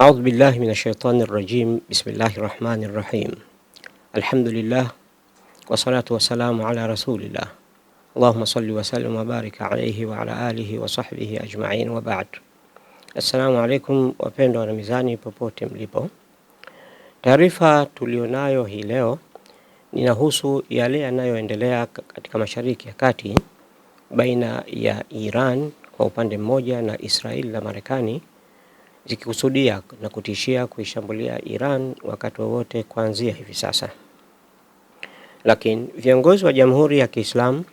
أعوذ بالله من الشيطان الرجيم بسم الله الرحمن الرحيم الحمد لله والصلاة والسلام على رسول الله اللهم صل وسلم وبارك عليه وعلى آله وصحبه أجمعين وبعد السلام عليكم وفين na ميزاني popote mlipo taarifa توليونايو هي leo inahusu yale yanayoendelea katika Mashariki ya Kati baina ya Iran kwa upande mmoja na Israeli na Marekani zikikusudia na kutishia kuishambulia Iran wakati wowote kuanzia hivi sasa. Lakini viongozi wa Jamhuri ya Kiislamu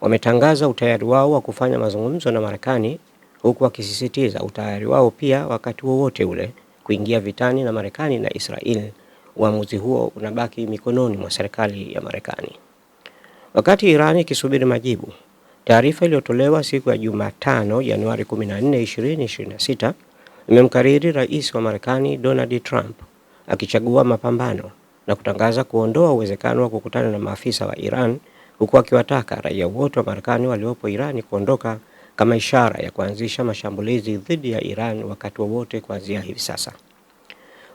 wametangaza utayari wao wa kufanya mazungumzo na Marekani huku wakisisitiza utayari wao pia wakati wowote ule kuingia vitani na Marekani na Israeli uamuzi huo unabaki mikononi mwa serikali ya Marekani. Wakati Irani ikisubiri majibu, taarifa iliyotolewa siku ya Jumatano Januari 14, 2026 imemkariri rais wa Marekani Donald Trump akichagua mapambano na kutangaza kuondoa uwezekano wa kukutana na maafisa wa Iran huku akiwataka raia wote wa Marekani waliopo iran kuondoka kama ishara ya kuanzisha mashambulizi dhidi ya Iran wakati wowote kuanzia hivi sasa.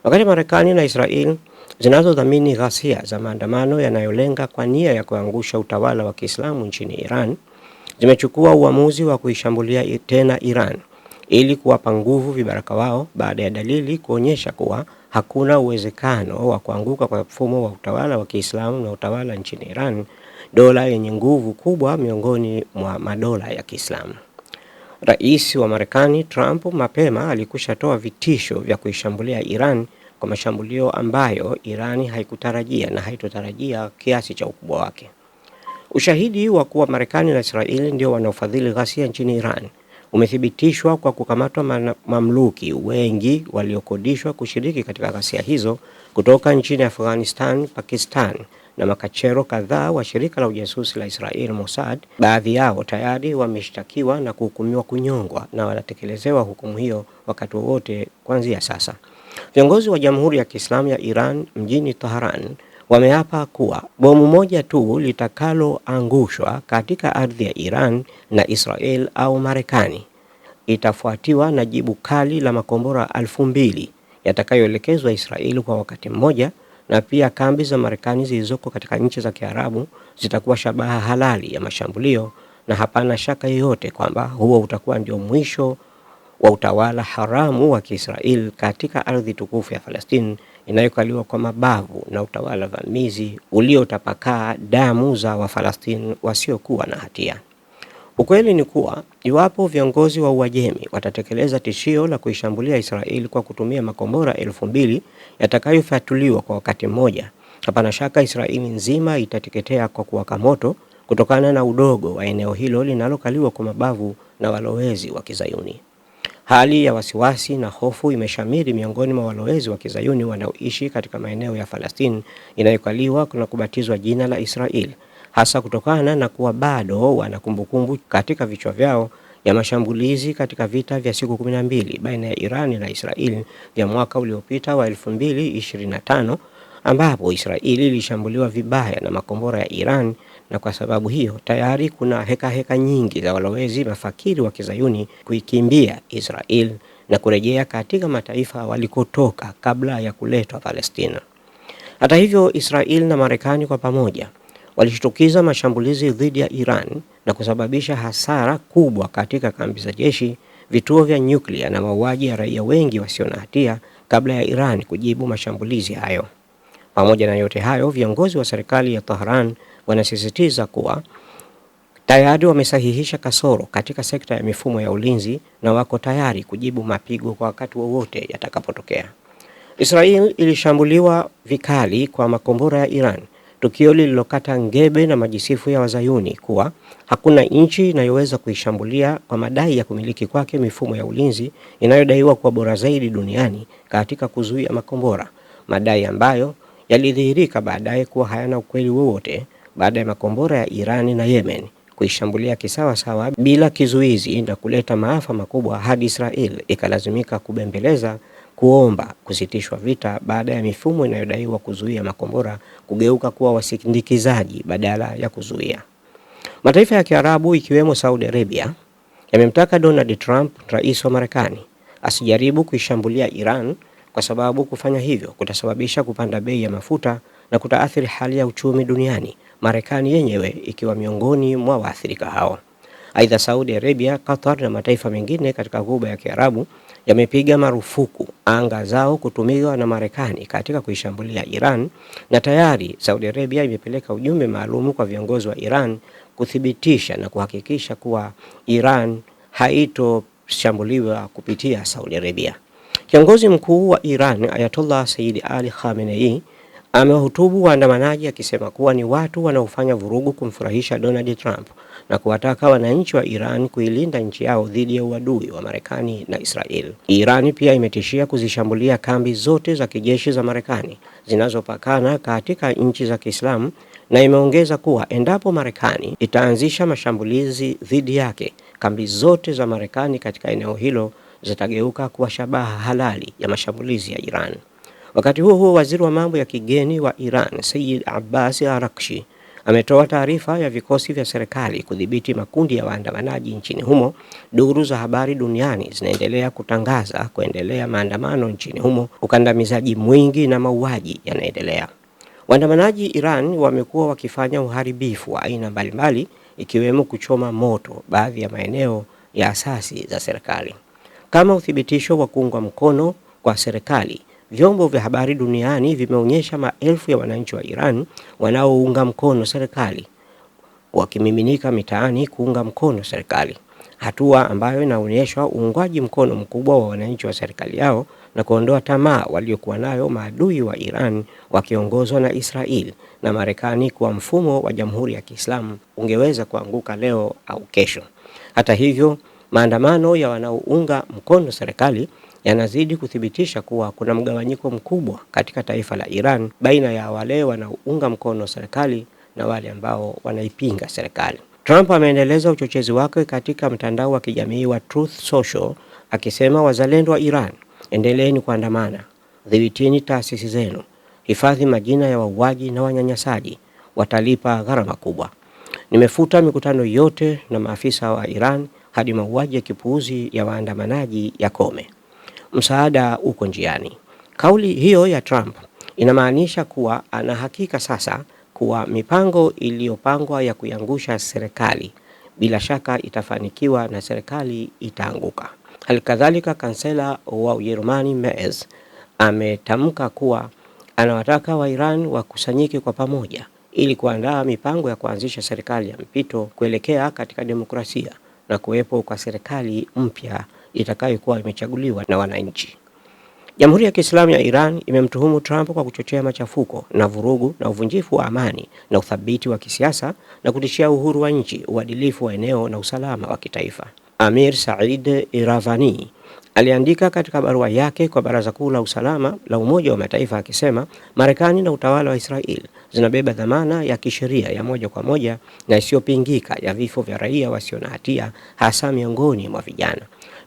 Wakati Marekani na Israel zinazodhamini ghasia za maandamano yanayolenga kwa nia ya kuangusha utawala wa Kiislamu nchini Iran zimechukua uamuzi wa kuishambulia tena Iran ili kuwapa nguvu vibaraka wao baada ya dalili kuonyesha kuwa hakuna uwezekano wa kuanguka kwa mfumo wa utawala wa Kiislamu na utawala nchini Iran, dola yenye nguvu kubwa miongoni mwa madola ya Kiislamu. Rais wa Marekani Trump mapema alikushatoa vitisho vya kuishambulia Iran kwa mashambulio ambayo Irani haikutarajia na haitotarajia kiasi cha ukubwa wake. Ushahidi wa kuwa Marekani na Israeli ndio wanaofadhili ghasia nchini Iran umethibitishwa kwa kukamatwa mamluki wengi waliokodishwa kushiriki katika ghasia hizo kutoka nchini Afghanistan, Pakistan na makachero kadhaa wa shirika la ujasusi la Israel Mossad. Baadhi yao tayari wameshtakiwa na kuhukumiwa kunyongwa na wanatekelezewa hukumu hiyo wakati wowote kuanzia sasa. Viongozi wa Jamhuri ya Kiislamu ya Iran mjini Tehran wameapa kuwa bomu moja tu litakaloangushwa katika ardhi ya Iran na Israel au Marekani itafuatiwa na jibu kali la makombora alfu mbili yatakayoelekezwa Israeli kwa wakati mmoja, na pia kambi za Marekani zilizoko katika nchi za Kiarabu zitakuwa shabaha halali ya mashambulio, na hapana shaka yoyote kwamba huo utakuwa ndio mwisho wa utawala haramu wa Kiisrael katika ardhi tukufu ya Palestina inayokaliwa kwa mabavu na utawala vamizi uliotapakaa damu za Wafalastini wasiokuwa na hatia. Ukweli ni kuwa iwapo viongozi wa Uajemi watatekeleza tishio la kuishambulia Israeli kwa kutumia makombora elfu mbili yatakayofyatuliwa kwa wakati mmoja, hapana shaka Israeli nzima itateketea kwa kuwaka moto kutokana na udogo wa eneo hilo linalokaliwa kwa mabavu na walowezi wa Kizayuni. Hali ya wasiwasi na hofu imeshamiri miongoni mwa walowezi wa kizayuni wanaoishi katika maeneo ya Falastini inayokaliwa kuna kubatizwa jina la Israel, hasa kutokana na kuwa bado wana kumbukumbu katika vichwa vyao ya mashambulizi katika vita vya siku 12 baina ya Irani na Israeli vya mwaka uliopita wa 2025 ambapo Israeli ilishambuliwa vibaya na makombora ya Iran na kwa sababu hiyo tayari kuna heka heka nyingi za walowezi mafakiri wa kizayuni kuikimbia Israel na kurejea katika mataifa walikotoka kabla ya kuletwa Palestina. Hata hivyo, Israel na Marekani kwa pamoja walishtukiza mashambulizi dhidi ya Iran na kusababisha hasara kubwa katika kambi za jeshi, vituo vya nyuklia na mauaji ya raia wengi wasio na hatia kabla ya Iran kujibu mashambulizi hayo. Pamoja na yote hayo, viongozi wa serikali ya Tehran wanasisitiza kuwa tayari wamesahihisha kasoro katika sekta ya mifumo ya ulinzi na wako tayari kujibu mapigo kwa wakati wowote yatakapotokea. Israel ilishambuliwa vikali kwa makombora ya Iran, tukio lililokata ngebe na majisifu ya wazayuni kuwa hakuna nchi inayoweza kuishambulia kwa madai ya kumiliki kwake mifumo ya ulinzi inayodaiwa kuwa bora zaidi duniani katika kuzuia makombora, madai ambayo yalidhihirika baadaye kuwa hayana ukweli wowote baada ya makombora ya Irani na Yemen kuishambulia kisawasawa bila kizuizi na kuleta maafa makubwa hadi Israel ikalazimika kubembeleza kuomba kusitishwa vita baada ya mifumo inayodaiwa kuzuia makombora kugeuka kuwa wasindikizaji badala ya kuzuia. Mataifa ya Kiarabu ikiwemo Saudi Arabia yamemtaka Donald Trump, rais wa Marekani, asijaribu kuishambulia Iran kwa sababu kufanya hivyo kutasababisha kupanda bei ya mafuta na kutaathiri hali ya uchumi duniani Marekani yenyewe ikiwa miongoni mwa waathirika hao. Aidha, Saudi Arabia, Qatar na mataifa mengine katika Ghuba ya Kiarabu yamepiga marufuku anga zao kutumiwa na Marekani katika kuishambulia Iran, na tayari Saudi Arabia imepeleka ujumbe maalum kwa viongozi wa Iran kuthibitisha na kuhakikisha kuwa Iran haitoshambuliwa kupitia Saudi Arabia. Kiongozi mkuu wa Iran Ayatollah Sayyid Ali Khamenei amehutubu waandamanaji akisema kuwa ni watu wanaofanya vurugu kumfurahisha Donald Trump na kuwataka wananchi wa Iran kuilinda nchi yao dhidi ya uadui wa Marekani na Israel. Iran pia imetishia kuzishambulia kambi zote za kijeshi za Marekani zinazopakana katika nchi za Kiislamu na imeongeza kuwa endapo Marekani itaanzisha mashambulizi dhidi yake, kambi zote za Marekani katika eneo hilo zitageuka kuwa shabaha halali ya mashambulizi ya Iran. Wakati huo huo, waziri wa mambo ya kigeni wa Iran Sayyid Abbas Arakshi ametoa taarifa ya vikosi vya serikali kudhibiti makundi ya waandamanaji nchini humo. Duru za habari duniani zinaendelea kutangaza kuendelea maandamano nchini humo, ukandamizaji mwingi na mauaji yanaendelea. Waandamanaji Iran wamekuwa wakifanya uharibifu wa aina mbalimbali, ikiwemo kuchoma moto baadhi ya maeneo ya asasi za serikali kama uthibitisho wa kuungwa mkono kwa serikali Vyombo vya habari duniani vimeonyesha maelfu ya wananchi wa Iran wanaounga mkono serikali wakimiminika mitaani kuunga mkono serikali, hatua ambayo inaonyesha uungwaji mkono mkubwa wa wananchi wa serikali yao na kuondoa tamaa waliokuwa nayo maadui wa Iran wakiongozwa na Israel na Marekani kuwa mfumo wa Jamhuri ya Kiislamu ungeweza kuanguka leo au kesho. Hata hivyo, maandamano ya wanaounga mkono serikali yanazidi kuthibitisha kuwa kuna mgawanyiko mkubwa katika taifa la Iran baina ya wale wanaounga mkono serikali na wale ambao wanaipinga serikali. Trump ameendeleza uchochezi wake katika mtandao wa kijamii wa Truth Social akisema, wazalendo wa Iran, endeleeni kuandamana, dhibitini taasisi zenu, hifadhi majina ya wauaji na wanyanyasaji, watalipa gharama kubwa. Nimefuta mikutano yote na maafisa wa Iran hadi mauaji ya kipuuzi ya waandamanaji yakome msaada uko njiani. Kauli hiyo ya Trump inamaanisha kuwa ana hakika sasa kuwa mipango iliyopangwa ya kuiangusha serikali bila shaka itafanikiwa na serikali itaanguka. Halikadhalika, kansela wa Ujerumani Merz ametamka kuwa anawataka Iran wakusanyike kwa pamoja ili kuandaa mipango ya kuanzisha serikali ya mpito kuelekea katika demokrasia na kuwepo kwa serikali mpya itakayokuwa imechaguliwa na wananchi. Jamhuri ya Kiislamu ya Iran imemtuhumu Trump kwa kuchochea machafuko na vurugu na uvunjifu wa amani na uthabiti wa kisiasa na kutishia uhuru wa nchi, uadilifu wa eneo na usalama wa kitaifa. Amir Said Iravani aliandika katika barua yake kwa Baraza Kuu la Usalama la Umoja wa Mataifa akisema Marekani na utawala wa Israel zinabeba dhamana ya kisheria ya moja kwa moja na isiyopingika ya vifo vya raia wasio na hatia, hasa miongoni mwa vijana.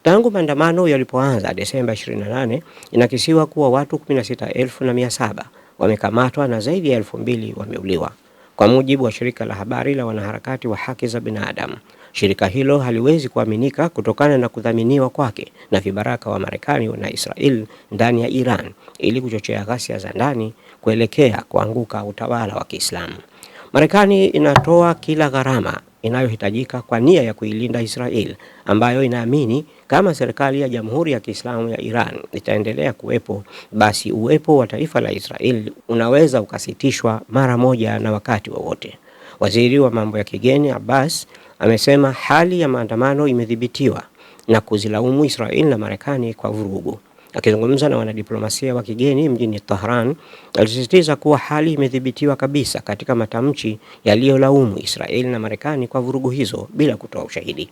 Tangu maandamano yalipoanza Desemba 28, inakisiwa kuwa watu 16,700 wamekamatwa na zaidi ya 2,000 wameuliwa, kwa mujibu wa shirika la habari la wanaharakati wa haki za binadamu. Shirika hilo haliwezi kuaminika kutokana na kudhaminiwa kwake na vibaraka wa Marekani na Israel ndani ya Iran ili kuchochea ghasia za ndani kuelekea kuanguka utawala wa Kiislamu. Marekani inatoa kila gharama inayohitajika kwa nia ya kuilinda Israel ambayo inaamini kama serikali ya Jamhuri ya Kiislamu ya Iran itaendelea kuwepo, basi uwepo wa taifa la Israel unaweza ukasitishwa mara moja na wakati wowote wa Waziri wa mambo ya kigeni Abbas amesema hali ya maandamano imedhibitiwa na kuzilaumu Israel na Marekani kwa vurugu. Akizungumza na wanadiplomasia wa kigeni mjini Tehran, alisisitiza kuwa hali imedhibitiwa kabisa katika matamshi yaliyolaumu Israeli na Marekani kwa vurugu hizo bila kutoa ushahidi.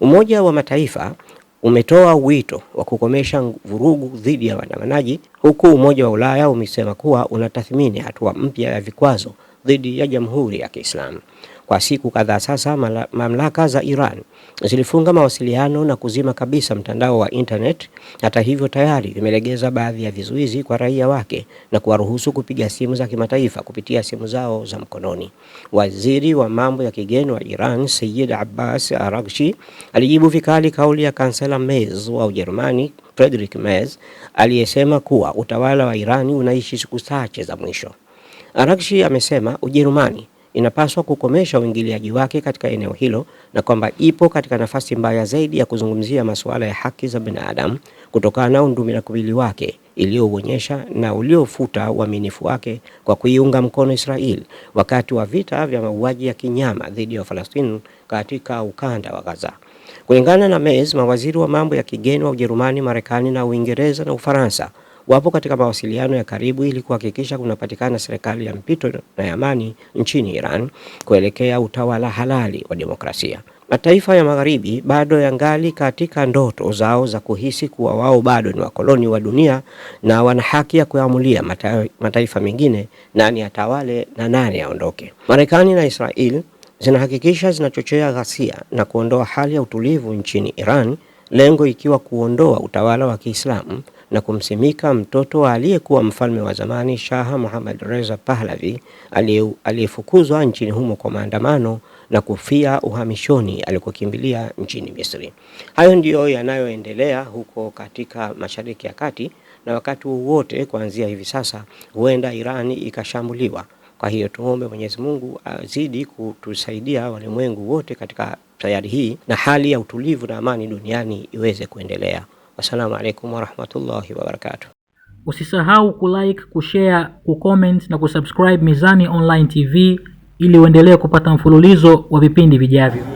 Umoja wa Mataifa umetoa wito wa kukomesha vurugu dhidi ya waandamanaji huku Umoja wa Ulaya umesema kuwa unatathmini hatua mpya ya vikwazo dhidi ya Jamhuri ya Kiislamu. Kwa siku kadhaa sasa, mamlaka za Iran zilifunga mawasiliano na kuzima kabisa mtandao wa internet. Hata hivyo, tayari imelegeza baadhi ya vizuizi kwa raia wake na kuwaruhusu kupiga simu za kimataifa kupitia simu zao za mkononi. Waziri wa mambo ya kigeni wa Iran, Sayyid Abbas Araghchi, alijibu vikali kauli ya Kansela Merz wa Ujerumani Friedrich Merz aliyesema kuwa utawala wa Irani unaishi siku chache za mwisho. Araghchi amesema Ujerumani inapaswa kukomesha uingiliaji wake katika eneo hilo na kwamba ipo katika nafasi mbaya zaidi ya kuzungumzia masuala ya haki za binadamu kutokana na undumilakuwili wake iliyouonyesha na uliofuta uaminifu wake kwa kuiunga mkono Israel wakati wa vita vya mauaji ya kinyama dhidi ya Palestina katika ukanda wa Gaza. Kulingana na Merz, mawaziri wa mambo ya kigeni wa Ujerumani, Marekani na Uingereza na Ufaransa wapo katika mawasiliano ya karibu ili kuhakikisha kunapatikana serikali ya mpito na ya amani nchini Iran kuelekea utawala halali wa demokrasia. Mataifa ya Magharibi bado yangali katika ndoto zao za kuhisi kuwa wao bado ni wakoloni wa dunia na wana haki ya kuamulia mataifa mengine nani atawale na nani aondoke. Marekani na Israel zinahakikisha zinachochea ghasia na kuondoa hali ya utulivu nchini Iran, lengo ikiwa kuondoa utawala wa Kiislamu na kumsimika mtoto aliyekuwa mfalme wa zamani shaha Muhammad Reza Pahlavi aliyefukuzwa nchini humo kwa maandamano na kufia uhamishoni alikokimbilia nchini Misri. Hayo ndiyo yanayoendelea huko katika Mashariki ya Kati na wakati wowote kuanzia hivi sasa huenda Irani ikashambuliwa. Kwa hiyo tuombe Mwenyezi Mungu azidi kutusaidia walimwengu wote katika sayari hii na hali ya utulivu na amani duniani iweze kuendelea. Wassalamu alaikum warahmatullahi wabarakatuh. Usisahau kulike, kushare, kucomment na kusubscribe Mizani Online TV ili uendelee kupata mfululizo wa vipindi vijavyo.